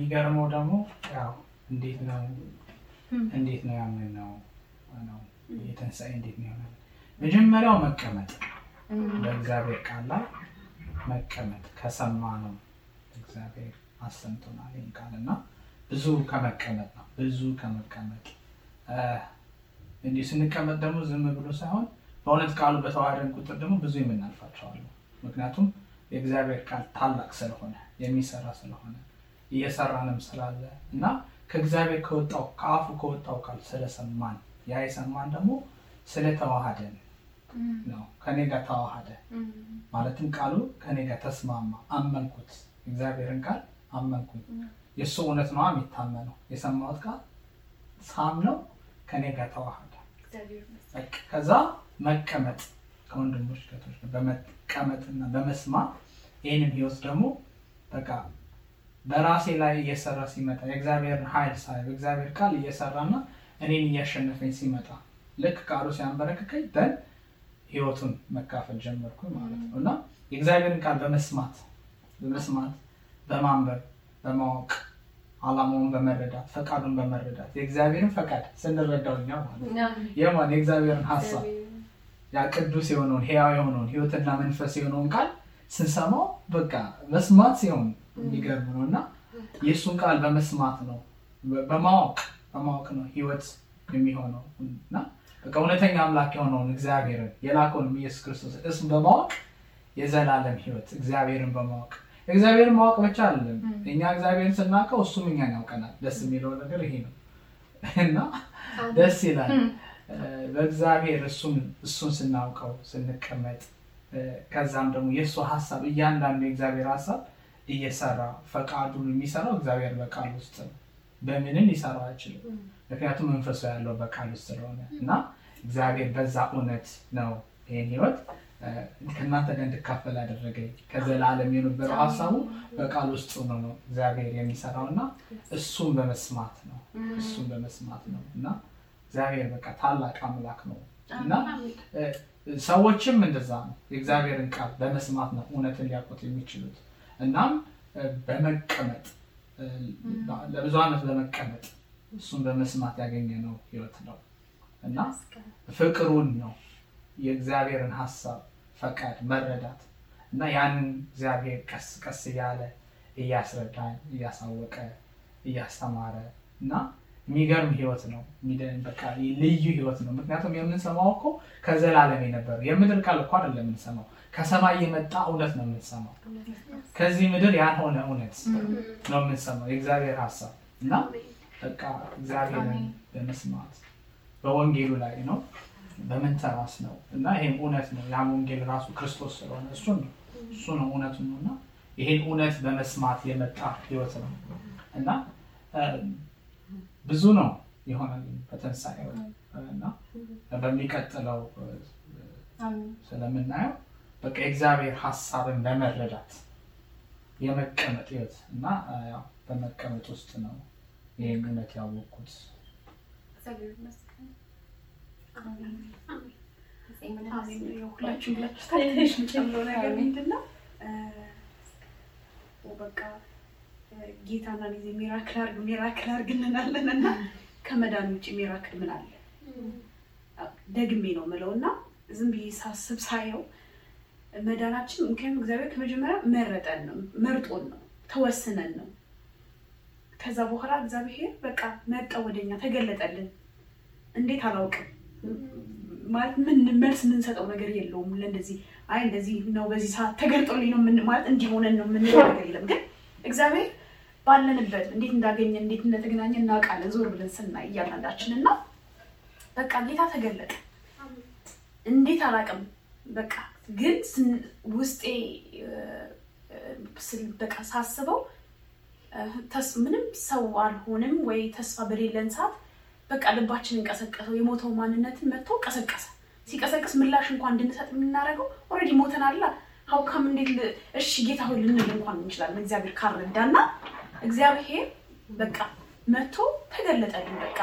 የሚገርመው ደግሞ ያው እንዴት ነው እንዴት ነው ያምን ነው ነው የትንሣኤ እንዴት ነው ያምን መጀመሪያው መቀመጥ በእግዚአብሔር ቃል ላይ መቀመጥ ከሰማ ነው እግዚአብሔር አሰምቶናል ይህን ቃል እና ብዙ ከመቀመጥ ነው ብዙ ከመቀመጥ እንዲህ ስንቀመጥ ደግሞ ዝም ብሎ ሳይሆን በእውነት ቃሉ በተዋህደን ቁጥር ደግሞ ብዙ የምናልፋቸዋሉ ምክንያቱም የእግዚአብሔር ቃል ታላቅ ስለሆነ የሚሰራ ስለሆነ እየሰራ ነው ስላለ እና ከእግዚአብሔር ከወጣው ከአፉ ከወጣው ቃል ስለሰማን ያ የሰማን ደግሞ ስለተዋሃደን ነው። ከኔ ጋር ተዋሃደ ማለትም ቃሉ ከኔ ጋር ተስማማ። አመንኩት፣ እግዚአብሔርን ቃል አመንኩኝ። የእሱ እውነት ነዋ የሚታመነው። የሰማሁት ቃል ሳም ነው፣ ከኔ ጋር ተዋሃደ። ከዛ መቀመጥ ከወንድሞች ገቶች በመቀመጥና በመስማት ይህንን ህይወት ደግሞ በቃ በራሴ ላይ እየሰራ ሲመጣ የእግዚአብሔርን ኃይል ሳይ እግዚአብሔር ቃል እየሰራና እኔን እያሸነፈኝ ሲመጣ ልክ ቃሉ ሲያንበረክከኝ በን ህይወቱን መካፈል ጀመርኩ ማለት ነው። እና የእግዚአብሔርን ቃል በመስማት በመስማት በማንበብ በማወቅ አላማውን በመረዳት ፈቃዱን በመረዳት የእግዚአብሔርን ፈቃድ ስንረዳውኛ ማለት የእግዚአብሔርን ሀሳብ ያ ቅዱስ የሆነውን ህያው የሆነውን ህይወትና መንፈስ የሆነውን ቃል ስንሰማው በቃ መስማት ሲሆን የሚገርም ነው እና የእሱን ቃል በመስማት ነው በማወቅ በማወቅ ነው ህይወት የሚሆነው እና በቃ እውነተኛ አምላክ የሆነውን እግዚአብሔርን የላከውን ኢየሱስ ክርስቶስ እሱ በማወቅ የዘላለም ህይወት እግዚአብሔርን በማወቅ እግዚአብሔርን ማወቅ ብቻ አይደለም። እኛ እግዚአብሔርን ስናውቀው እሱም እኛን ያውቀናል። ደስ የሚለው ነገር ይሄ ነው እና ደስ ይላል። በእግዚአብሔር እሱን ስናውቀው ስንቀመጥ፣ ከዛም ደግሞ የእሱ ሀሳብ እያንዳንዱ የእግዚአብሔር ሀሳብ እየሰራ ፈቃዱን የሚሰራው እግዚአብሔር በቃል ውስጥ ነው። በምንም ሊሰራው አይችልም። ምክንያቱም መንፈሱ ያለው በቃል ውስጥ ስለሆነ እና እግዚአብሔር በዛ እውነት ነው ይህን ህይወት ከእናንተ ጋር እንድካፈል ያደረገኝ ከዘላለም የነበረው ሀሳቡ በቃል ውስጥ ነው ነው እግዚአብሔር የሚሰራው እና እሱን በመስማት ነው እሱን በመስማት ነው እና እግዚአብሔር በቃ ታላቅ አምላክ ነው እና ሰዎችም እንደዛ ነው። የእግዚአብሔርን ቃል በመስማት ነው እውነትን ሊያቆት የሚችሉት። እናም በመቀመጥ ለብዙ ዓመት በመቀመጥ እሱን በመስማት ያገኘ ነው ህይወት ነው እና ፍቅሩን ነው የእግዚአብሔርን ሀሳብ ፈቃድ መረዳት እና ያንን እግዚአብሔር ቀስ ቀስ እያለ እያስረዳን እያሳወቀ እያስተማረ እና የሚገርም ህይወት ነው። በቃ ልዩ ህይወት ነው። ምክንያቱም የምንሰማው እኮ ከዘላለም የነበረ የምድር ቃል እኳ አይደለም የምንሰማው ከሰማይ የመጣ እውነት ነው የምንሰማው። ከዚህ ምድር ያልሆነ እውነት ነው የምንሰማው የእግዚአብሔር ሀሳብ እና በቃ እግዚአብሔርን በመስማት በወንጌሉ ላይ ነው በመንተራስ ነው እና ይህም እውነት ነው። ያም ወንጌል ራሱ ክርስቶስ ስለሆነ እሱ ነው እሱ ነው እውነቱ ነው እና ይህን እውነት በመስማት የመጣ ህይወት ነው እና ብዙ ነው የሆነል በትንሣኤ እና በሚቀጥለው ስለምናየው በቃ የእግዚአብሔር ሀሳብን ለመረዳት የመቀመጥ ህይወት እና በመቀመጥ ውስጥ ነው ይህን እውነት ያወቅኩት። ሁላችሁ ሁላችሁ ጨምሮ ነው በቃ ጊዜ ሚራክል አርግ ሚራክል አርግ እንላለን እና ከመዳን ውጭ ሚራክል ምን አለ? ደግሜ ነው ምለው እና ዝም ብዬ ሳስብ ሳየው መዳናችን ምክንያቱም እግዚአብሔር ከመጀመሪያ መረጠን ነው፣ መርጦን ነው፣ ተወስነን ነው። ከዛ በኋላ እግዚአብሔር በቃ መጣ ወደኛ ተገለጠልን። እንዴት አላውቅም ማለት ምን መልስ የምንሰጠው ነገር የለውም። ለእንደዚህ አይ እንደዚህ ነው በዚህ ሰዓት ተገልጦልኝ ነው ምን ማለት እንዲሆነን ነው ምን ነገር የለም። ግን እግዚአብሔር ባለንበት እንዴት እንዳገኘ እንዴት እንደተገናኘ እናውቃለን። ዞር ብለን ስናይ እያንዳንዳችን እና በቃ ጌታ ተገለጠ። እንዴት አላውቅም በቃ ግን ውስጤ በቃ ሳስበው ምንም ሰው አልሆንም ወይ ተስፋ በሌለን ሰዓት በቃ ልባችን እንቀሰቀሰው የሞተው ማንነትን መጥቶ ቀሰቀሰ። ሲቀሰቅስ ምላሽ እንኳን እንድንሰጥ የምናደርገው ኦልሬዲ ሞተን አላ ሀውካም እንዴት እሺ ጌታ ሆይ ልንል እንኳን እንችላለን። እግዚአብሔር ካረዳና እግዚአብሔር በቃ መጥቶ ተገለጠልን። በቃ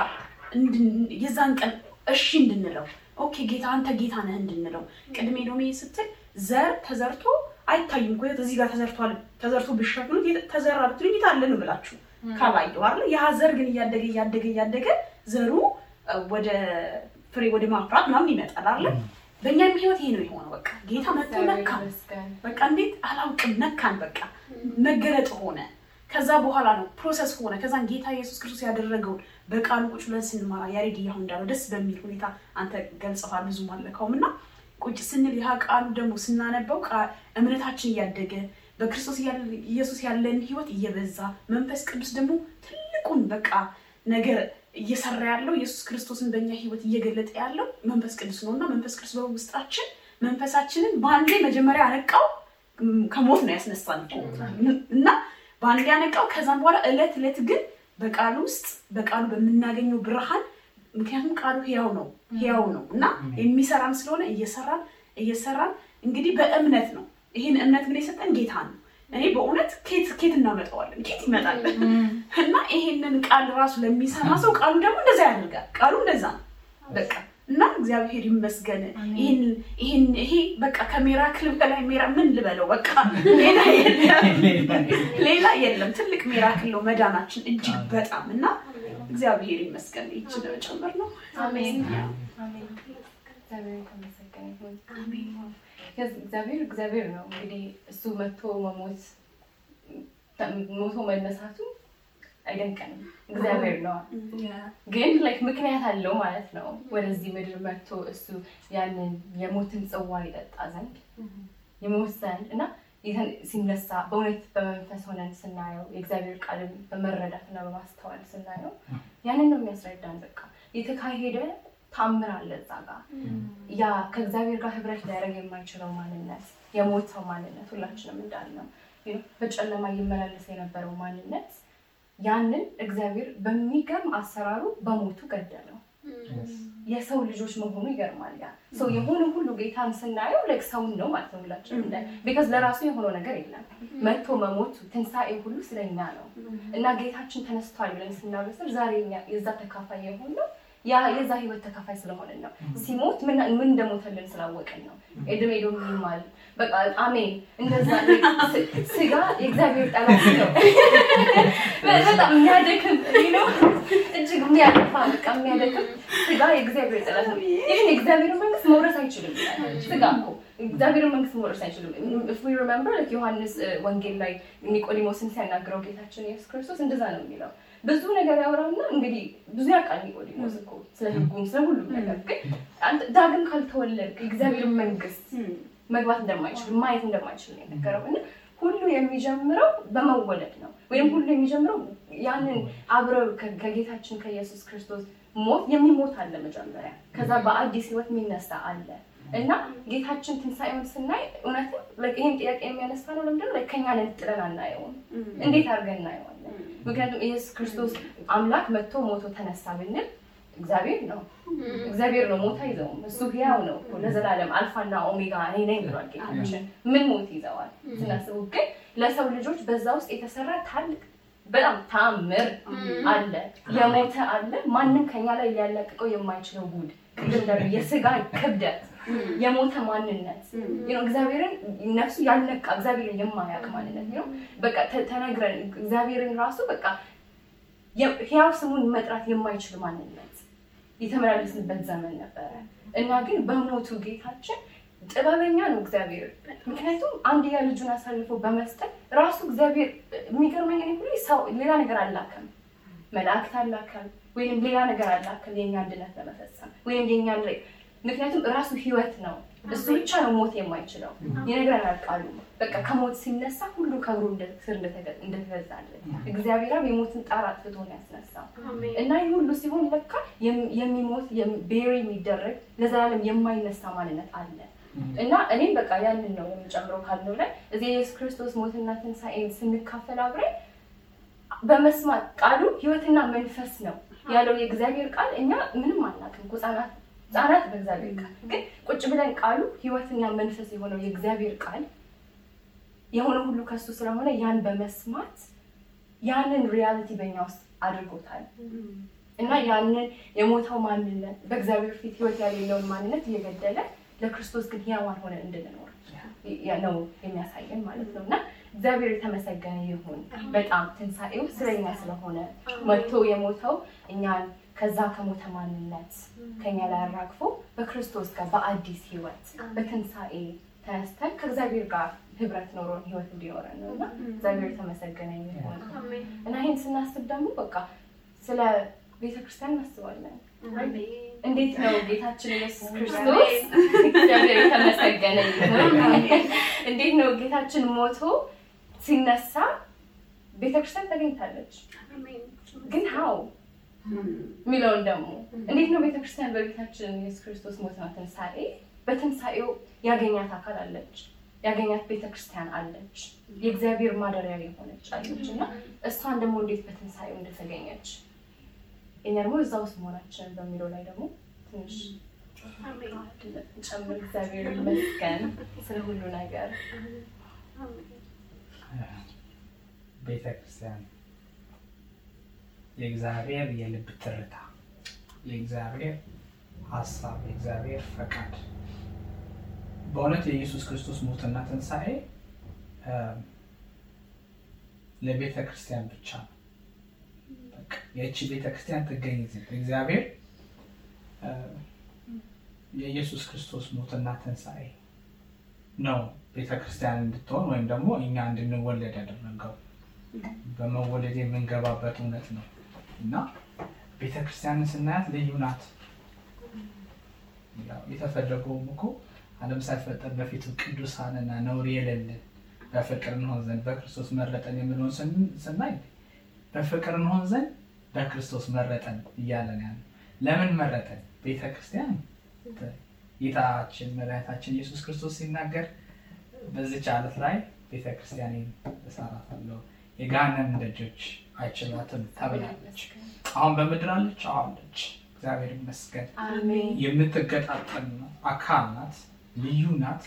የዛን ቀን እሺ እንድንለው ኦኬ ጌታ አንተ ጌታ ነህ እንድንለው ቅድሜ ሎሚ ስትል ዘር ተዘርቶ አይታይም እኮ እዚህ ጋር ተዘርቷል ተዘርቶ ብሻግኑት ተዘራ ብትሉ ጌታ አለ ነው ብላችሁ ካላየው አይደል? ያ ዘር ግን እያደገ እያደገ እያደገ ዘሩ ወደ ፍሬ ወደ ማፍራት ምናምን ይመጣል አይደል? በእኛም ህይወት ይሄ ነው የሆነው። በቃ ጌታ መጥቶ ነካ በቃ እንዴት አላውቅም ነካን። በቃ መገለጥ ሆነ። ከዛ በኋላ ነው ፕሮሰስ ሆነ። ከዛን ጌታ ኢየሱስ ክርስቶስ ያደረገውን በቃሉ ቁጭ ብለን ስንማራ ያሬድ እያሁን እንዳለ ደስ በሚል ሁኔታ አንተ ገልጸዋል። ብዙ አለካውም እና ቁጭ ስንል ያ ቃሉ ደግሞ ስናነበው እምነታችን እያደገ በክርስቶስ ኢየሱስ ያለን ህይወት እየበዛ መንፈስ ቅዱስ ደግሞ ትልቁን በቃ ነገር እየሰራ ያለው ኢየሱስ ክርስቶስን በእኛ ህይወት እየገለጠ ያለው መንፈስ ቅዱስ ነው እና መንፈስ ቅዱስ በውስጣችን መንፈሳችንን በአንዴ መጀመሪያ ያነቃው ከሞት ነው ያስነሳን እና በአንዴ ያነቃው ከዛም በኋላ እለት እለት ግን በቃሉ ውስጥ በቃሉ በምናገኘው ብርሃን ምክንያቱም ቃሉ ህያው ነው ህያው ነው እና የሚሰራም ስለሆነ እየሰራን እየሰራን እንግዲህ በእምነት ነው። ይህን እምነት ምን የሰጠን ጌታ ነው። እኔ በእውነት ኬት እናመጣዋለን ኬት ይመጣል እና ይሄንን ቃል ራሱ ለሚሰማ ሰው ቃሉ ደግሞ እንደዛ ያደርጋል። ቃሉ እንደዛ ነው በቃ እና እግዚአብሔር ይመስገን ይህን ይሄ በቃ ከሚራክል በላይ ሚራ ምን ልበለው በቃ ሌላ የለም ሌላ የለም። ትልቅ ሚራክል ነው መዳናችን እጅግ በጣም እና እግዚአብሔር ይመስገን። ይችን ጨምር ነው እግዚአብሔር እግዚአብሔር ነው እንግዲህ እሱ መቶ መሞት ሞቶ መነሳቱ አይደንቀንም፣ እግዚአብሔር ነው ግን ላይክ ምክንያት አለው ማለት ነው። ወደዚህ ምድር መጥቶ እሱ ያንን የሞትን ጽዋ ይጠጣ ዘንድ የሞት ዘንድ እና ሲነሳ በእውነት በመንፈስ ሆነን ስናየው የእግዚአብሔር ቃልን በመረዳትና በማስተዋል ስናየው ያንን ነው የሚያስረዳን። በቃ የተካሄደ ታምር አለ እዛ ጋ ያ ከእግዚአብሔር ጋር ህብረት ሊያደርግ የማይችለው ማንነት የሞተው ማንነት ሁላችንም ነው በጨለማ ይመላለስ የነበረው ማንነት ያንን እግዚአብሔር በሚገርም አሰራሩ በሞቱ ገደለው። የሰው ልጆች መሆኑ ይገርማል። ያ ሰው የሆነ ሁሉ ጌታን ስናየው ላይክ ሰውን ነው ማለት ነው ሁላችን ቢካዝ ለራሱ የሆነው ነገር የለም። መጥቶ መሞቱ ትንሣኤ ሁሉ ስለኛ ነው እና ጌታችን ተነስቷል ብለን ስናበስር ዛሬ የዛ ተካፋይ የሆነው ያ የዛ ህይወት ተካፋይ ስለሆነን ነው። ሲሞት ምን ምን እንደሞተልን ስላወቅን ነው። ኤድሜ ዶም ይማል በቃ አሜን። እንደዛ ስጋ የእግዚአብሔር ጠላት ነው። በጣም የሚያደክም ነው፣ እጅግ የሚያጠፋ በቃ የሚያደክም ስጋ የእግዚአብሔር ጠላት ነው። ይህን የእግዚአብሔር መንግስት መውረስ አይችልም ስጋ እኮ እግዚአብሔር መንግስት መውረስ አይችልም። ኢፍ ዊ ዮሐንስ uh, ወንጌል ላይ ኒቆዲሞስን ሲያናግረው ጌታችን ኢየሱስ ክርስቶስ እንደዛ ነው የሚለው ብዙ ነገር ያወራና እንግዲህ ብዙ ያውቃል ኒቆዲሞስ እኮ ስለ ህጉም ስለ ሁሉም ነገር ግን ዳግም ካልተወለድክ እግዚአብሔር መንግስት መግባት እንደማይችል ማየት እንደማይችል ነው የነገረው እና ሁሉ የሚጀምረው በመወለድ ነው ወይም ሁሉ የሚጀምረው ያንን አብረው ከጌታችን ከኢየሱስ ክርስቶስ ሞት የሚሞት አለ መጀመሪያ ከዛ በአዲስ ህይወት የሚነሳ አለ እና ጌታችን ትንሳኤውን ስናይ እውነትም ይህን ጥያቄ የሚያነሳ ነው ለምንድን ከኛ ነጥለን አናየውም እንዴት አድርገን እናየዋል? ምክንያቱም ኢየሱስ ክርስቶስ አምላክ መጥቶ ሞቶ ተነሳ ብንል እግዚአብሔር ነው እግዚአብሔር ነው ሞታ ይዘው እሱ ህያው ነው ለዘላለም አልፋና ኦሜጋ እኔ ነኝ ብሏል ጌታችን። ምን ሞት ይዘዋል ስናስቡ ግን ለሰው ልጆች በዛ ውስጥ የተሰራ ታልቅ በጣም ታምር አለ፣ የሞተ አለ። ማንም ከኛ ላይ ሊያለቅቀው የማይችለው ጉድ ቅድም የስጋ ክብደት የሞተ ማንነት ነው። እግዚአብሔርን ነፍሱ ያልነቃ እግዚአብሔርን የማያውቅ ማንነት ነው። በቃ ተነግረን እግዚአብሔርን ራሱ በቃ ህያው ስሙን መጥራት የማይችል ማንነት የተመላለስንበት ዘመን ነበረ እና ግን በሞቱ ጌታችን ጥበበኛ ነው እግዚአብሔር። ምክንያቱም አንድያ ልጁን አሳልፎ በመስጠት ራሱ እግዚአብሔር የሚገርመኝ ሁሉ ሰው ሌላ ነገር አላከም፣ መላእክት አላከም፣ ወይም ሌላ ነገር አላከም የኛ አንድነት ለመፈጸም ወይም የኛ ምክንያቱም እራሱ ህይወት ነው። እሱ ብቻ ነው ሞት የማይችለው ይነግረናል ቃሉ። በቃ ከሞት ሲነሳ ሁሉ ከእግሩ ስር እንደተገዛለን እግዚአብሔርም የሞትን ጣር አጥፍቶ ነው ያስነሳው። እና ይህ ሁሉ ሲሆን ለካ የሚሞት ቤሪ የሚደረግ ለዘላለም የማይነሳ ማንነት አለ እና እኔም በቃ ያንን ነው የምጨምረው ካልነው ላይ እዚህ የኢየሱስ ክርስቶስ ሞትና ትንሳኤን ስንካፈል አብረን በመስማት ቃሉ ህይወትና መንፈስ ነው ያለው የእግዚአብሔር ቃል እኛ ምንም አናውቅም ህፃናት ጻናት በእግዚአብሔር ቃል ግን ቁጭ ብለን ቃሉ ህይወትና መንፈስ የሆነው የእግዚአብሔር ቃል የሆነ ሁሉ ከሱ ስለሆነ ያን በመስማት ያንን ሪያሊቲ በእኛ ውስጥ አድርጎታል እና ያንን የሞተው ማንነት በእግዚአብሔር ፊት ህይወት ያሌለውን ማንነት እየገደለ ለክርስቶስ ግን ህያዋን ሆነ እንድንኖር ነው የሚያሳየን ማለት ነው እና እግዚአብሔር የተመሰገነ ይሁን። በጣም ትንሣኤው ስለኛ ስለሆነ መጥቶ የሞተው እኛን ከዛ ከሞተ ማንነት ከኛ ላይ አራግፎ በክርስቶስ ጋር በአዲስ ህይወት በትንሣኤ ተነስተን ከእግዚአብሔር ጋር ህብረት ኖሮን ህይወት እንዲኖረን ነው እና እግዚአብሔር ተመሰገነ እና ይህን ስናስብ ደግሞ በቃ ስለ ቤተክርስቲያን እናስባለን። እንዴት ነው ጌታችን ኢየሱስ ክርስቶስ እግዚአብሔር ተመሰገነ እንዴት ነው ጌታችን ሞቶ ሲነሳ ቤተክርስቲያን ተገኝታለች። ግን ሀው የሚለውን ደግሞ እንዴት ነው ቤተክርስቲያን በጌታችን ኢየሱስ ክርስቶስ ሞትና ትንሳኤ በትንሳኤው ያገኛት አካል አለች፣ ያገኛት ቤተክርስቲያን አለች፣ የእግዚአብሔር ማደሪያ የሆነች አለች እና እሷን ደግሞ እንዴት በትንሳኤው እንደተገኘች እኛ ደግሞ እዛ ውስጥ መሆናችን በሚለው ላይ ደግሞ ትንሽ ጨምር። እግዚአብሔር ይመስገን ስለ ሁሉ ነገር ቤተክርስቲያን የእግዚአብሔር የልብ ትርታ፣ የእግዚአብሔር ሀሳብ፣ የእግዚአብሔር ፈቃድ በእውነት የኢየሱስ ክርስቶስ ሞትና ትንሣኤ ለቤተ ክርስቲያን ብቻ ነው። ይህቺ ቤተ ክርስቲያን ትገኝ ዘንድ እግዚአብሔር የኢየሱስ ክርስቶስ ሞትና ትንሣኤ ነው ቤተ ክርስቲያን እንድትሆን ወይም ደግሞ እኛ እንድንወለድ ያደረገው በመወለድ የምንገባበት እውነት ነው። እና ቤተክርስቲያንን ስናያት ልዩ ናት። የተፈለገውም እኮ ዓለም ሳይፈጠር በፊቱ ቅዱሳንና ነውር የሌለን በፍቅር እንሆን ዘንድ በክርስቶስ መረጠን የምንሆን ስናይ በፍቅር እንሆን ዘንድ በክርስቶስ መረጠን እያለን ያ ለምን መረጠን? ቤተክርስቲያን ጌታችን መድኃኒታችን ኢየሱስ ክርስቶስ ሲናገር በዚች ዓለት ላይ ቤተክርስቲያኔን እሰራታለሁ የገሃነም ደጆች አይችላትም ተብላለች። አሁን በምድር አለች አለች። እግዚአብሔር ይመስገን። የምትገጣጠም አካል ናት፣ ልዩ ናት።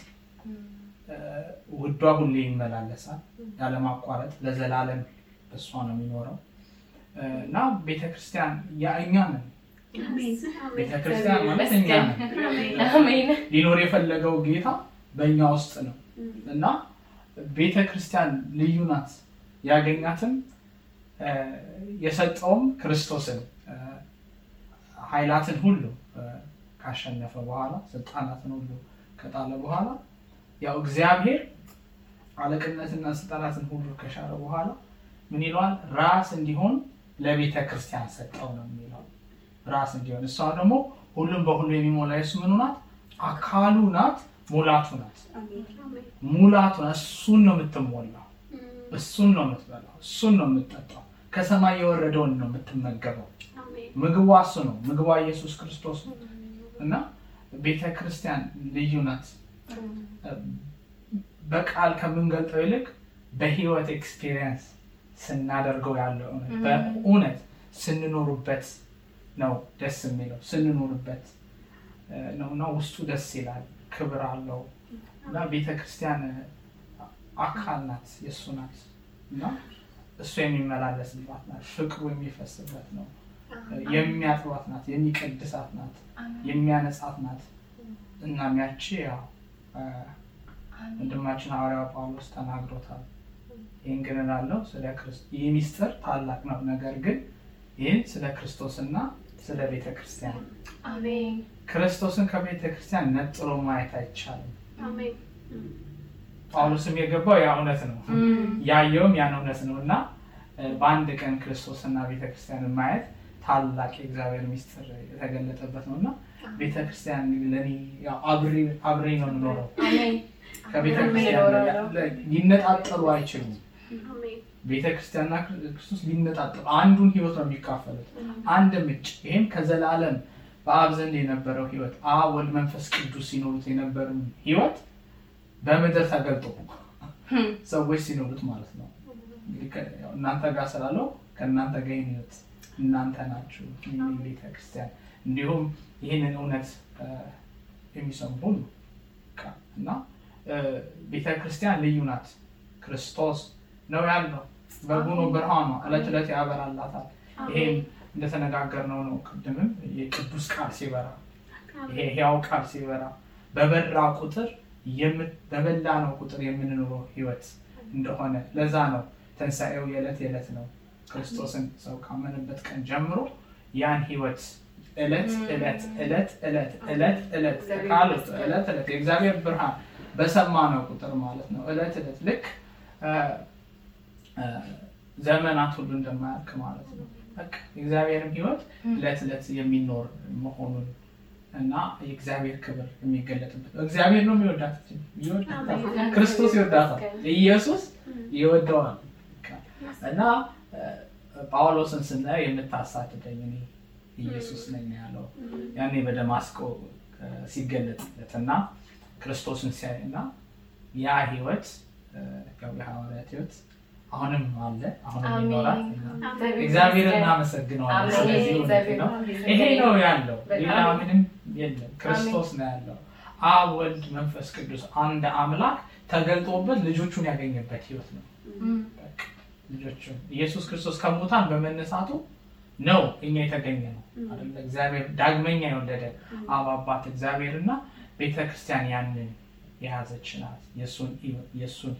ውዷ ሁሌ ይመላለሳል ያለማቋረጥ ለዘላለም እሷ ነው የሚኖረው እና ቤተክርስቲያን እኛ ነን። ቤተክርስቲያን ማለት እኛ ነን። ሊኖር የፈለገው ጌታ በእኛ ውስጥ ነው እና ቤተክርስቲያን ልዩ ናት። ያገኛትም የሰጠውም ክርስቶስን ኃይላትን ሁሉ ካሸነፈ በኋላ ስልጣናትን ሁሉ ከጣለ በኋላ ያው እግዚአብሔር አለቅነትና ስልጣናትን ሁሉ ከሻረ በኋላ ምን ይለዋል? ራስ እንዲሆን ለቤተ ክርስቲያን ሰጠው ነው የሚለው። ራስ እንዲሆን እሷ ደግሞ ሁሉም በሁሉ የሚሞላ የሱ ምኑ ናት? አካሉ ናት፣ ሙላቱ ናት፣ ሙላቱ ናት። እሱን ነው የምትሞላው እሱን ነው የምትበላው፣ እሱን ነው የምትጠጣው፣ ከሰማይ የወረደውን ነው የምትመገበው። ምግቧ እሱ ነው፣ ምግቧ ኢየሱስ ክርስቶስ ነው። እና ቤተ ክርስቲያን ልዩ ናት። በቃል ከምንገልጠው ይልቅ በህይወት ኤክስፒሪየንስ ስናደርገው ያለው በእውነት ስንኖሩበት ነው ደስ የሚለው ስንኖርበት ነው እና ውስጡ ደስ ይላል፣ ክብር አለው እና ቤተክርስቲያን አካል ናት፣ የእሱ ናት እና እሱ የሚመላለስባት ናት። ፍቅሩ የሚፈስበት ነው። የሚያጥሯት ናት፣ የሚቀድሳት ናት፣ የሚያነጻት ናት። እና ሚያቺ ያው ወንድማችን ሐዋርያው ጳውሎስ ተናግሮታል። ይህን ግን እላለሁ ስለ ክርስቶስ ይህ ሚስጥር ታላቅ ነው፣ ነገር ግን ይህን ስለ ክርስቶስና ስለ ቤተ ክርስቲያን ክርስቶስን ከቤተ ክርስቲያን ነጥሎ ማየት አይቻልም። ጳውሎስም የገባው ያ እውነት ነው፣ ያየውም ያን እውነት ነው እና በአንድ ቀን ክርስቶስና ቤተክርስቲያንን ማየት ታላቅ የእግዚአብሔር ሚስጥር የተገለጠበት ነው እና ቤተክርስቲያን ለእኔ አብሬ ነው የምኖረው። ከቤተክርስቲያን ሊነጣጠሉ አይችሉም። ቤተክርስቲያንና ክርስቶስ ሊነጣጠሉ አንዱን ህይወት ነው የሚካፈሉት፣ አንድ ምጭ ይህም ከዘላለም በአብ ዘንድ የነበረው ህይወት አብ፣ ወልድ፣ መንፈስ ቅዱስ ሲኖሩት የነበሩ ህይወት በምድር ተገልጦ ሰዎች ሲኖሩት ማለት ነው። እናንተ ጋር ስላለው ከእናንተ ጋር እናንተ ናችሁ ቤተክርስቲያን፣ እንዲሁም ይህንን እውነት የሚሰሙ ሁሉ እና ቤተክርስቲያን ልዩ ናት። ክርስቶስ ነው ያለው በጉኖ ብርሃኗ እለት እለት ያበራላታል። ይሄም እንደተነጋገርነው ነው። ቅድምም የቅዱስ ቃል ሲበራ ይሄ ያው ቃል ሲበራ በበራ ቁጥር በበላ ነው ቁጥር የምንኖረው ህይወት እንደሆነ ለዛ ነው ትንሣኤው የዕለት የዕለት ነው። ክርስቶስን ሰው ካመንበት ቀን ጀምሮ ያን ህይወት እለት እለት እለት እለት እለት እለት ቃሉት እለት እለት የእግዚአብሔር ብርሃን በሰማ ነው ቁጥር ማለት ነው። እለት እለት ልክ ዘመናት ሁሉ እንደማያልቅ ማለት ነው። የእግዚአብሔርም ህይወት እለት እለት የሚኖር መሆኑን እና የእግዚአብሔር ክብር የሚገለጥበት እግዚአብሔር ነው የሚወዳት። ክርስቶስ ይወዳታል፣ ኢየሱስ ይወደዋል። እና ጳውሎስን ስናየው የምታሳድደኝ እኔ ኢየሱስ ነኝ ያለው ያኔ በደማስቆ ሲገለጥለት እና ክርስቶስን ሲያይ እና ያ ህይወት የሐዋርያት ህይወት አሁንም አለ፣ አሁንም ይኖራል። እግዚአብሔር እናመሰግነዋለን። ስለዚህ ይሄ ነው ያለው፣ ሌላ ምንም የለም። ክርስቶስ ነው ያለው። አብ ወልድ፣ መንፈስ ቅዱስ አንድ አምላክ ተገልጦበት ልጆቹን ያገኘበት ህይወት ነው። ልጆቹን ኢየሱስ ክርስቶስ ከሙታን በመነሳቱ ነው እኛ የተገኘ ነው አይደለ? እግዚአብሔር ዳግመኛ የወለደ አብ አባት እግዚአብሔርና ቤተክርስቲያን ያንን የያዘች ናት የእሱን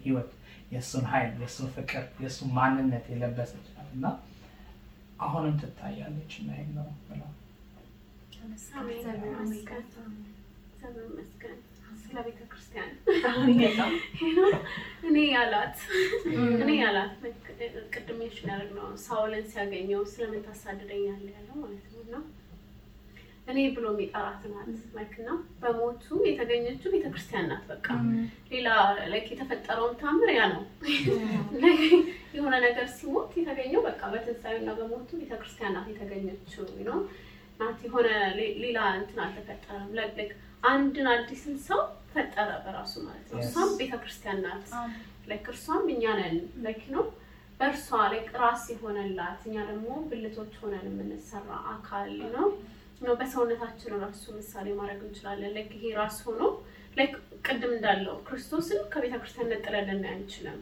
ህይወት የእሱን ኃይል የእሱን ፍቅር የእሱን ማንነት የለበሰች ናት እና አሁንም ትታያለች እና ይህ ነው ብላ ስለ ቤተ ክርስቲያን እኔ ያላት እኔ ያላት ቅድም ነው ሳውልን ሲያገኘው ስለምን ታሳድደኛለህ ያለው ማለት ነው እና እኔ ብሎ የሚጠራት ናት ላይክ እና በሞቱ የተገኘችው ቤተክርስቲያን ናት። በቃ ሌላ ላይክ የተፈጠረውን ታምር ያ ነው። የሆነ ነገር ሲሞት የተገኘው በቃ በትንሳኤና በሞቱ ቤተክርስቲያን ናት የተገኘችው ነው ናት። የሆነ ሌላ እንትን አልተፈጠረም። ላይክ አንድን አዲስን ሰው ፈጠረ በራሱ ማለት ነው። እሷም ቤተክርስቲያን ናት። ላይክ እርሷም እኛ ነን ላይክ ነው በእርሷ ላይክ ራስ የሆነላት እኛ ደግሞ ብልቶች ሆነን የምንሰራ አካል ነው ነው በሰውነታችን ራሱ ምሳሌ ማድረግ እንችላለን። ላይክ ይሄ ራስ ሆኖ ላይክ ቅድም እንዳለው ክርስቶስን ከቤተ ክርስቲያን ነጥለን ልናይ አንችልም።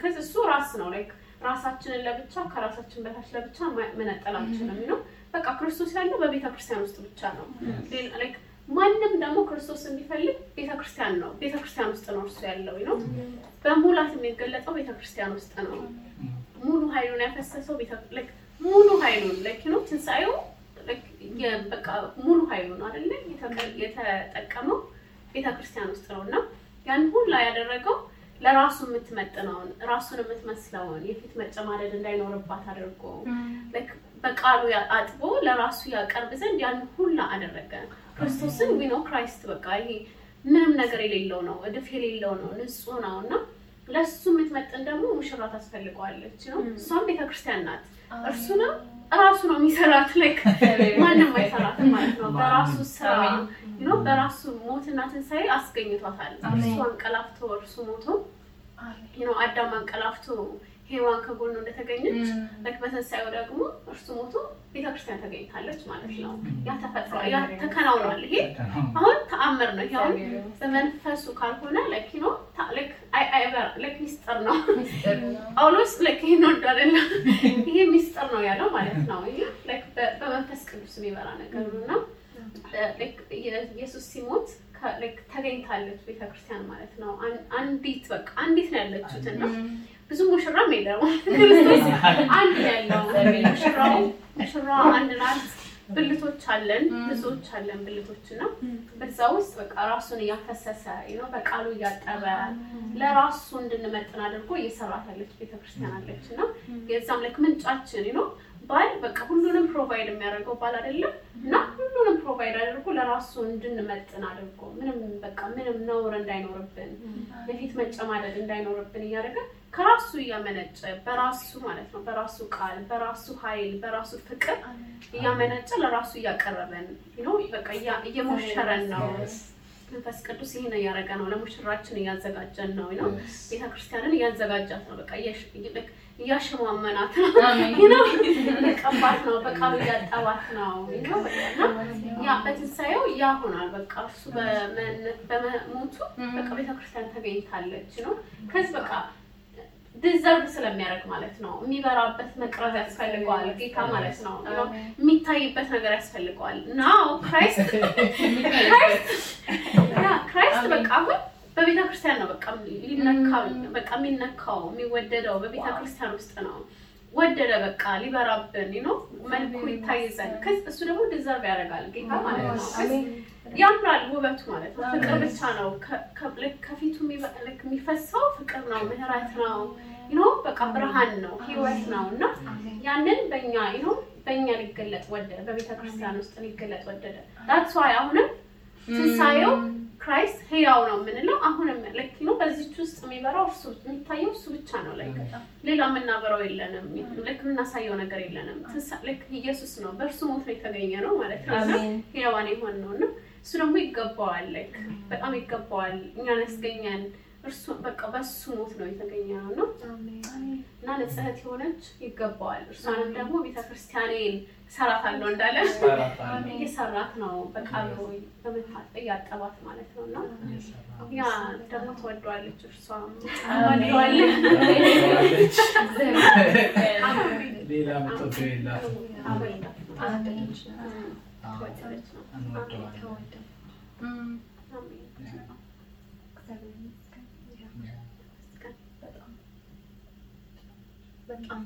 ከዚ እሱ ራስ ነው። ላይክ ራሳችንን ለብቻ ከራሳችን በታች ለብቻ መነጠል አንችልም ነው። በቃ ክርስቶስ ያለው በቤተ ክርስቲያን ውስጥ ብቻ ነው። ላይክ ማንም ደግሞ ክርስቶስ የሚፈልግ ቤተ ክርስቲያን ነው። ቤተ ክርስቲያን ውስጥ ነው እርሱ ያለው ነው። በሙላት የሚገለጠው ቤተ ክርስቲያን ውስጥ ነው። ሙሉ ኃይሉን ያፈሰሰው ሙሉ ኃይሉን ላይክ ነው ትንሣኤው በቃ ሙሉ ኃይሉን አይደለ የተጠቀመው ቤተክርስቲያን ውስጥ ነው እና ያን ሁላ ያደረገው ለራሱ የምትመጥነውን ራሱን የምትመስለውን የፊት መጨማደድ እንዳይኖርባት አድርጎ በቃሉ አጥቦ ለራሱ ያቀርብ ዘንድ ያን ሁላ አደረገ። ክርስቶስን ዊኖ ክራይስት በቃ ይሄ ምንም ነገር የሌለው ነው፣ እድፍ የሌለው ነው፣ ንጹህ ነው እና ለሱ የምትመጥን ደግሞ ሙሽራ ታስፈልገዋለች ነው። እሷም ቤተክርስቲያን ናት። እርሱ ነው። ራሱ ነው የሚሰራት። ላይክ ማንም አይሰራትም ማለት ነው። በራሱ ስራ ነው በራሱ ሞትና ትንሳኤ አስገኝቷታል። እሱ አንቀላፍቶ እርሱ ሞቶ አዳም አንቀላፍቶ ሄዋን ከጎኑ እንደተገኘች በትንሳኤው ደግሞ እርሱ ሞቶ ቤተክርስቲያን ተገኝታለች ማለት ነው። ያ ተፈጥሯል፣ ያ ተከናውኗል። ይሄ አሁን ተአምር ነው። ይሄ በመንፈሱ ካልሆነ ለኪ ነው ለክ ሚስጥር ነው። ጳውሎስ ለክ ይሄ ነው እንዳለና ይሄ ሚስጥር ነው ያለው ማለት ነው። በመንፈስ ቅዱስ የሚበራ ነገር ነው እና ኢየሱስ ሲሞት ተገኝታለች ቤተክርስቲያን ማለት ነው። አንዲት በቃ አንዲት ነው ያለችሁት እና ብዙ ሙሽራም የለም። አንድ ያለው ሙሽራው ሙሽራ አንድ ናት። ብልቶች አለን ብዙዎች አለን ብልቶች እና በዛ ውስጥ በቃ ራሱን እያፈሰሰ ነው በቃሉ እያጠበ ለራሱ እንድንመጥን አድርጎ እየሰራት ያለች ቤተክርስቲያን አለች እና የዛም ልክ ምንጫችን ነው ባል በቃ ሁሉንም ፕሮቫይድ የሚያደርገው ባል አይደለም እና ሁሉንም ፕሮቫይድ አድርጎ ለራሱ እንድንመጥን አድርጎ ምንም በቃ ምንም ነውር እንዳይኖርብን የፊት መጨማደድ እንዳይኖርብን እያደረገ ከራሱ እያመነጨ በራሱ ማለት ነው በራሱ ቃል በራሱ ኃይል በራሱ ፍቅር እያመነጨ ለራሱ እያቀረበን ነው። በቃ እየሞሸረን ነው። መንፈስ ቅዱስ ይህን እያደረገ ነው። ለሙሽራችን እያዘጋጀን ነው ነው ቤተ ክርስቲያንን እያዘጋጃት ነው። በቃ እያሸማመናት ነው፣ እየቀባት ነው፣ በቃሉ እያጠባት ነው። ያ በትንሳኤው ያ ሆናል። በቃ እሱ በመሞቱ mm-hmm. በቃ ቤተክርስቲያን ተገኝታለች ነው ከዚህ በቃ ዲዘርቭ ስለሚያደርግ ማለት ነው። የሚበራበት መቅረብ ያስፈልገዋል ጌታ ማለት ነው። የሚታይበት ነገር ያስፈልገዋል። ናው ክራይስት ክራይስት በቃ አሁን በቤተ ክርስቲያን ነው በቃ የሚነካው የሚወደደው በቤተ ክርስቲያን ውስጥ ነው። ወደደ በቃ ሊበራብን ነው መልኩ ይታይ እሱ ደግሞ ዲዘርቭ ያደርጋል ጌታ ማለት ነው። ያምራል። ውበቱ ማለት ነው ፍቅር ብቻ ነው። ከፊቱ የሚፈሰው ፍቅር ነው፣ ምህረት ነው፣ ይኖ በቃ ብርሃን ነው፣ ህይወት ነው እና ያንን በእኛ ይኖ በእኛ ሊገለጥ ወደደ፣ በቤተ ክርስቲያን ውስጥ ሊገለጥ ወደደ። ዳትስ ዋይ አሁንም ትንሳኤው ክራይስት ህያው ነው የምንለው አሁንም ልክ ነው። በዚች ውስጥ የሚበራው እሱ የሚታየው እሱ ብቻ ነው። ላይ ሌላ የምናበረው የለንም፣ ልክ የምናሳየው ነገር የለንም። ልክ ኢየሱስ ነው በእርሱ ሞት ነው የተገኘ ነው ማለት ነው። ህያዋን የሆን ነው እና እሱ ደግሞ ይገባዋል፣ ላይክ በጣም ይገባዋል። እኛን ያስገኛል እርሱ በቃ በሱ ሞት ነው የተገኘ ነው ነው እና ንጽሕት የሆነች ይገባዋል። እርሷንም ደግሞ ቤተክርስቲያኔን አለው እንዳለ እየሰራት ነው፣ በቃሉ በመታጠ እያጠባት ማለት ነው። እና ያ ደግሞ ትወደዋለች፣ እርሷም ወደዋለች። ሌላ ምጦ ላ ተወደደች ነው ተወደ በጣም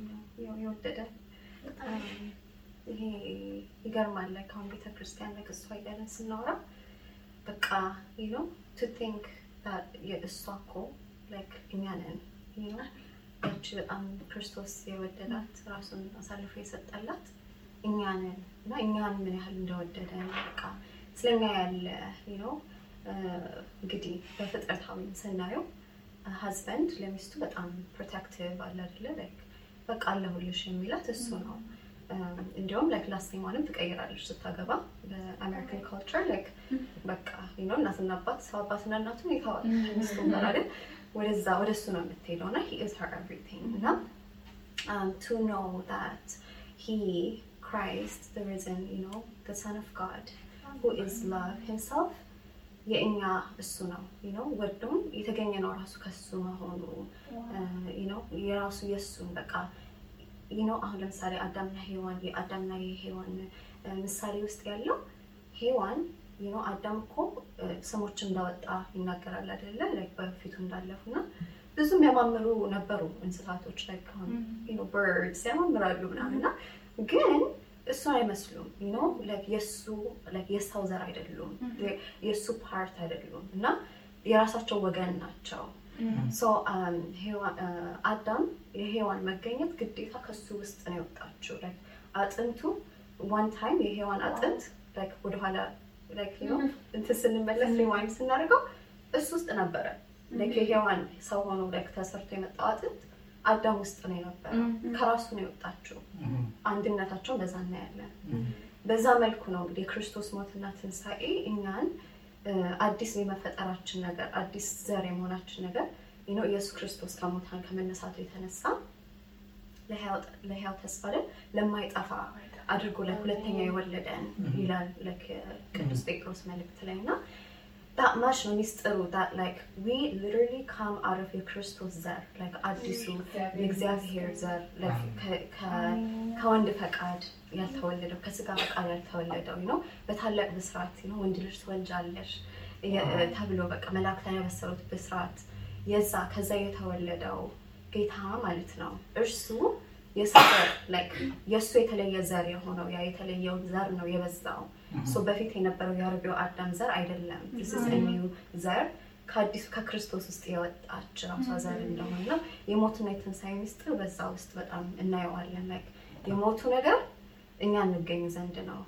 የወደደ ይገርማል። ላይ እሷ ሄደን ስናወራ በቃ ነው ቱ ቲንክ እሷ እኮ ላይክ እኛ ነን ያቺ በጣም ክርስቶስ የወደዳት ራሱን አሳልፎ የሰጠላት እኛ ነን እና እኛን ምን ያህል እንደወደደ በቃ ስለኛ ያለ ነው። እንግዲህ በፍጥረታዊ ስናየው ሀዝበንድ ለሚስቱ በጣም ፕሮቴክቲቭ አለ አይደለ? በቃ አለሁልሽ የሚላት እሱ ነው። እንዲሁም ላይክ ላስት ኔማንም ትቀይራለች ስታገባ በአሜሪካን ካልቸር ላይክ በቃ ነው እናትና አባት ሰው አባትና እናቱ የተዋለ ሚስቱ ጋር ወደዛ ወደ እሱ ነው የምትሄደው እና ሂ ኢዝ ሄር ኤቭሪቲንግ እና ቱ ኖው ዛት ሂ Christ, the risen, you know, the Son of God, who is love himself የእኛ እሱ ነው ነው ወዶም የተገኘ ነው ራሱ ከሱ መሆኑ ነው የራሱ የእሱን በቃ ነው አሁን ለምሳሌ አዳምና ሔዋን የአዳምና የሔዋን ምሳሌ ውስጥ ያለው ሔዋን ነው አዳም እኮ ስሞች እንዳወጣ ይናገራል አይደለ በፊቱ እንዳለፉና ብዙም ያማምሩ ነበሩ እንስሳቶች ላይ ከሆኑ በርድስ ያማምራሉ ምናምና mm-hmm. ግን እሱ አይመስሉም ኖ የሱ የሰው ዘር አይደሉም፣ የእሱ ፓርት አይደሉም እና የራሳቸው ወገን ናቸው። um, uh, አዳም የሄዋን መገኘት ግዴታ ከሱ ውስጥ ነው የወጣችው። አጥንቱ ዋን ታይም የሄዋን አጥንት ወደኋላ እንት ስንመለስ ሌዋይም ስናደርገው እሱ ውስጥ ነበረ የሔዋን ሰው ሆኖ ተሰርቶ የመጣው አጥንት አዳም ውስጥ ነው የነበረ ከራሱ ነው የወጣቸው። አንድነታቸውን በዛ እናያለን። በዛ መልኩ ነው እንግዲህ የክርስቶስ ሞትና ትንሣኤ እኛን አዲስ የመፈጠራችን ነገር አዲስ ዘር የመሆናችን ነገር ነው። ኢየሱስ ክርስቶስ ከሞታን ከመነሳቱ የተነሳ ለሕያው ተስፋ ለማይጠፋ አድርጎ ሁለተኛ የወለደን ይላል ቅዱስ ጴጥሮስ መልእክት ላይ እና ማሽ ነው ሚስጥሩ። ሊተራሊ ካም አውት ኦፍ የክርስቶስ ዘር አዲሱ የእግዚአብሔር ዘር ከወንድ ፈቃድ ያልተወለደው ከስጋ ፈቃድ ያልተወለደው ነው። በታላቅ ብስራት ወንድ ልጅ ትወልጃለሽ ተብሎ በቃ መላእክታን ያበሰሩት ብስራት የዛ ከዛ የተወለደው ጌታ ማለት ነው። እርሱ የሰው የእሱ የተለየ ዘር የሆነው ያ የተለየውን ዘር ነው የበዛው በፊት የነበረው የአርቢው አዳም ዘር አይደለም። ስስኒው ዘር ከአዲሱ ከክርስቶስ ውስጥ የወጣች ራሷ ዘር እንደሆነ የሞትና የትንሳኤ ሚስጥር በዛ ውስጥ በጣም እናየዋለን። ላይክ የሞቱ ነገር እኛ እንገኝ ዘንድ ነው፣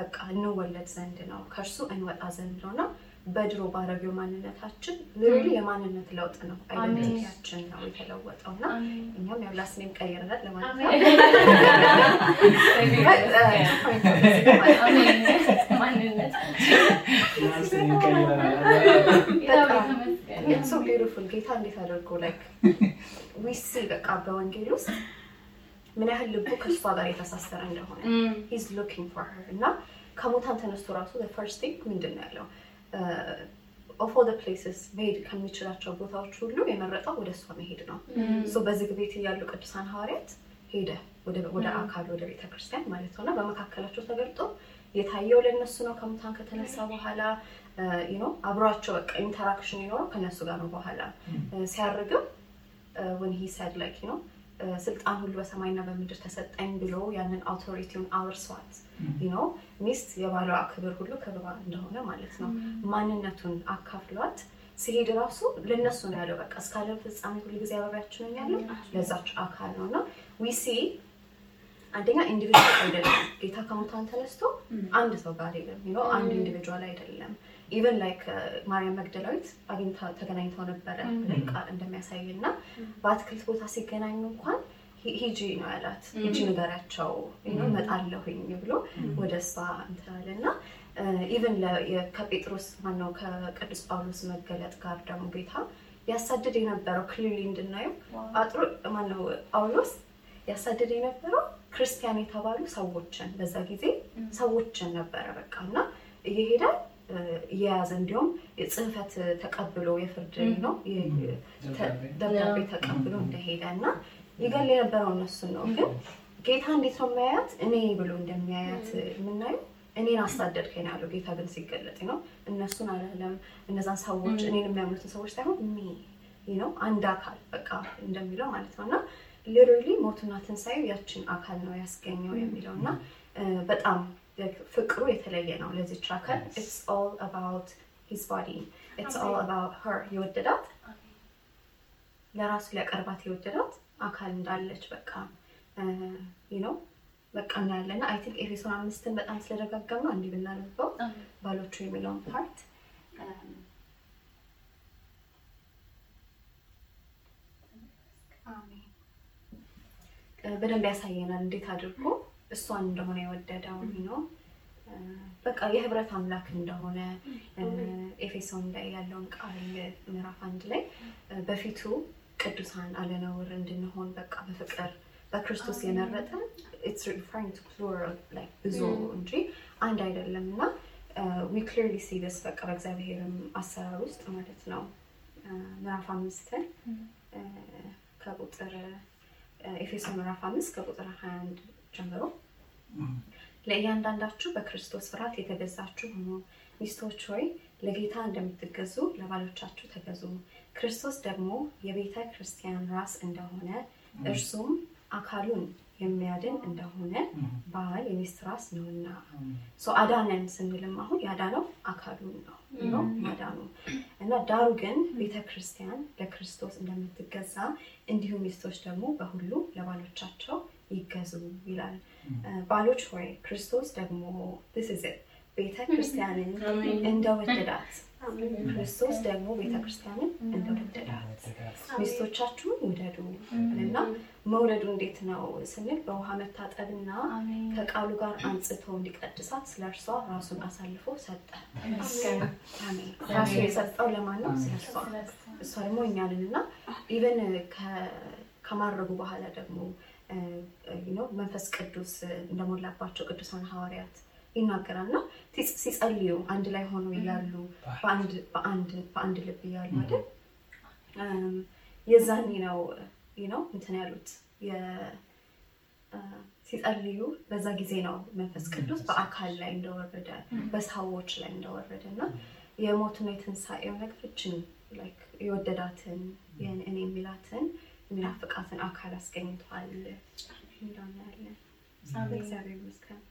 በቃ እንወለድ ዘንድ ነው፣ ከእርሱ እንወጣ ዘንድ ነው እና በድሮ ባረቢው ማንነታችን ልዩ የማንነት ለውጥ ነው፣ አይደንቲቲያችን ነው የተለወጠው እና እኛም ያው ላስኔም ቀይረናል ለማለት ነው። ቤሩፉል ጌታ እንዴት አደርጎ ላይክ ዊሲ በቃ በወንጌል ውስጥ ምን ያህል ልቡ ከእሷ ጋር የተሳሰረ እንደሆነ ሂዝ ሎኪንግ ፎር ሄር እና ከሞታን ተነስቶ ራሱ ፈርስት ቲንግ ምንድን ነው ያለው ኦፍ ኦል ፕሌስስ መሄድ ከሚችላቸው ቦታዎች ሁሉ የመረጠው ወደ እሷ መሄድ ነው። በዝግ ቤት እያሉ ቅዱሳን ሐዋርያት ሄደ ወደ አካል ወደ ቤተክርስቲያን ማለት ነው። እና በመካከላቸው ተገልጦ የታየው ለእነሱ ነው። ከሙታን ከተነሳ በኋላ አብሯቸው በቃ ኢንተራክሽን ይኖረው ከእነሱ ጋር ነው። በኋላ ሲያርግም ወን ሂ ሳድ ላይክ ነው ስልጣን ሁሉ በሰማይና በምድር ተሰጠኝ ብሎ ያንን አውቶሪቲውን አውርሷት ነው። ሚስት የባሏ ክብር ሁሉ ክብሯ እንደሆነ ማለት ነው። ማንነቱን አካፍሏት ሲሄድ ራሱ ለነሱ ነው ያለው። በቃ እስካለም ፍጻሜ ሁሉ ጊዜ አብሬያችሁ ነው ያለው ለዛች አካል ነው እና ሲ አንደኛ ኢንዲቪጁዋል አይደለም ጌታ ከሙታን ተነስቶ አንድ ሰው ጋር የለም አንድ ኢንዲቪጁዋል አይደለም ኢቨን ላይክ ማርያም መግደላዊት አግኝታ ተገናኝተው ነበረ ቃል እንደሚያሳይ እና በአትክልት ቦታ ሲገናኙ እንኳን ሂጂ ነው ያላት። ሂጂ ንገሪያቸው መጣለሁኝ ብሎ ወደ እሷ እንትን አለ እና ኢቨን ከጴጥሮስ ማነው ከቅዱስ ጳውሎስ መገለጥ ጋር ደግሞ ጌታ ያሳድድ የነበረው ክሊሊ እንድናየው አጥሮ ማነው ጳውሎስ ያሳድድ የነበረው ክርስቲያን የተባሉ ሰዎችን በዛ ጊዜ ሰዎችን ነበረ በቃ እና እየሄዳል እየያዘ እንዲሁም ጽህፈት ተቀብሎ የፍርድ ነው ደብዳቤ ተቀብሎ እንደሄደ እና ይገል የነበረው እነሱን ነው። ግን ጌታ እንዴት ነው የሚያያት? እኔ ብሎ እንደሚያያት የምናየው እኔን አሳደድከኝ ያለው ጌታ ግን ሲገለጥ ነው። እነሱን አላለም። እነዛን ሰዎች እኔን የሚያምኑትን ሰዎች ሳይሆን ሚ ነው አንድ አካል በቃ እንደሚለው ማለት ነው እና ሊሮሊ ሞቱና ትንሳኤው ያችን አካል ነው ያስገኘው የሚለው እና በጣም ፍቅሩ የተለየ ነው ለዚች አካል ኢትስ ኦል አባውት ሂዝ ባዲ ኢትስ ኦል አባውት ሄር የወደዳት ለራሱ ሊያቀርባት የወደዳት አካል እንዳለች በቃ ነው በቃ እናያለን እና አይ ቲንክ ኤፌሶን አምስትን በጣም ስለደጋገም ነው እንዲህ ብናነበው ባሎቹ የሚለውን ፓርት በደንብ ያሳየናል እንዴት አድርጎ እሷን እንደሆነ የወደደው ነው። በቃ የህብረት አምላክ እንደሆነ ኤፌሶን ላይ ያለውን ቃል ምዕራፍ አንድ ላይ በፊቱ ቅዱሳን አለነውር እንድንሆን በቃ በፍቅር በክርስቶስ የመረጠን ኢትስ ሪፈሪንግ ቱ ፕሉራል ላይክ ብዙ እንጂ አንድ አይደለም እና ዊ ክሊርሊ ሲ ዲስ በቃ በእግዚአብሔርም አሰራር ውስጥ ማለት ነው። uh, ምዕራፍ አምስትን uh, ከቁጥር uh, ኤፌሶን ምዕራፍ አምስት ከቁጥር ሀያ አንድ ጀምሮ ለእያንዳንዳችሁ በክርስቶስ ፍርሃት የተገዛችሁ ሁኑ። ሚስቶች ሆይ ለጌታ እንደምትገዙ ለባሎቻችሁ ተገዙ። ክርስቶስ ደግሞ የቤተ ክርስቲያን ራስ እንደሆነ እርሱም አካሉን የሚያድን እንደሆነ ባል የሚስት ራስ ነውና፣ አዳነን ስንልም አሁን ያዳነው አካሉን ነው ነው እና ዳሩ ግን ቤተ ክርስቲያን ለክርስቶስ እንደምትገዛ እንዲሁም ሚስቶች ደግሞ በሁሉ ለባሎቻቸው ይገዙ ይላል። ባሎች ሆይ ክርስቶስ ደግሞ ትስዝ ቤተ ክርስቲያንን እንደወደዳት ክርስቶስ ደግሞ ቤተ ክርስቲያንን እንደወደዳት ሚስቶቻችሁን ውደዱ እና መውለዱ እንዴት ነው ስንል በውሃ መታጠብና ከቃሉ ጋር አንጽቶ እንዲቀድሳት ስለ እርሷ ራሱን አሳልፎ ሰጠ። ራሱ የሰጠው ለማን ነው? ስለ እርሷ። እሷ ደግሞ እኛንን እና ኢቨን ከማድረጉ በኋላ ደግሞ መንፈስ ቅዱስ እንደሞላባቸው ቅዱሳን ሐዋርያት ይናገራል እና ሲጸልዩ አንድ ላይ ሆኖ እያሉ በአንድ ልብ እያሉ አይደል የዛኔ ነው ነው እንትን ያሉት ሲጸልዩ በዛ ጊዜ ነው መንፈስ ቅዱስ በአካል ላይ እንደወረደ በሰዎች ላይ እንደወረደ እና የሞትና የትንሳኤው ነገሮችን እችን የወደዳትን እኔ የሚላትን የሚናፍቃትን አካል አስገኝቷል። እንዳናያለን። እግዚአብሔር ይመስገን።